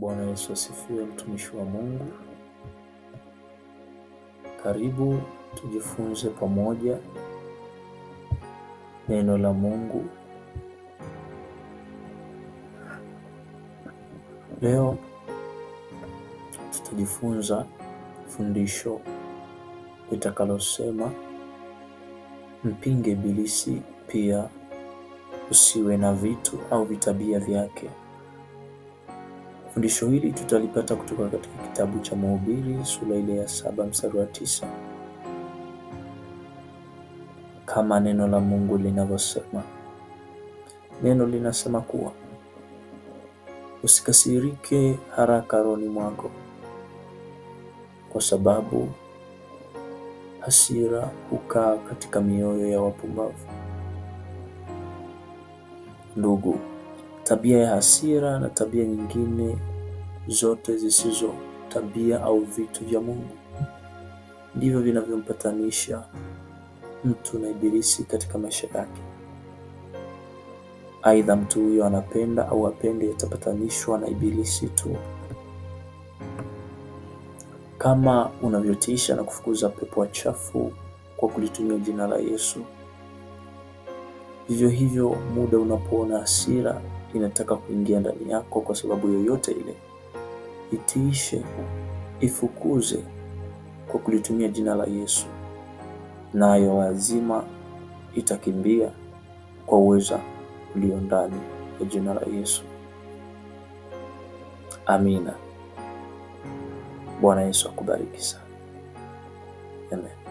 Bwana Yesu asifiwe, mtumishi wa Mungu. Karibu tujifunze pamoja neno la Mungu. Leo tutajifunza fundisho litakalosema mpinge Ibilisi, pia usiwe na vitu au vitabia vyake. Fundisho hili tutalipata kutoka katika kitabu cha Mahubiri sura ile ya saba mstari wa tisa kama neno la Mungu linavyosema. Neno linasema kuwa usikasirike haraka roni mwako, kwa sababu hasira hukaa katika mioyo ya wapumbavu. Ndugu, tabia ya hasira na tabia nyingine zote zisizo tabia au vitu vya Mungu ndivyo vinavyompatanisha mtu na Ibilisi katika maisha yake. Aidha, mtu huyo anapenda au apende, atapatanishwa na Ibilisi tu. Kama unavyotiisha na kufukuza pepo wachafu kwa kulitumia jina la Yesu, vivyo hivyo muda unapoona hasira inataka kuingia ndani yako kwa sababu yoyote ile, itiishe, ifukuze kwa kulitumia jina la Yesu, nayo na lazima itakimbia kwa uweza ulio ndani ya jina la Yesu. Amina. Bwana Yesu akubariki sana. Amen.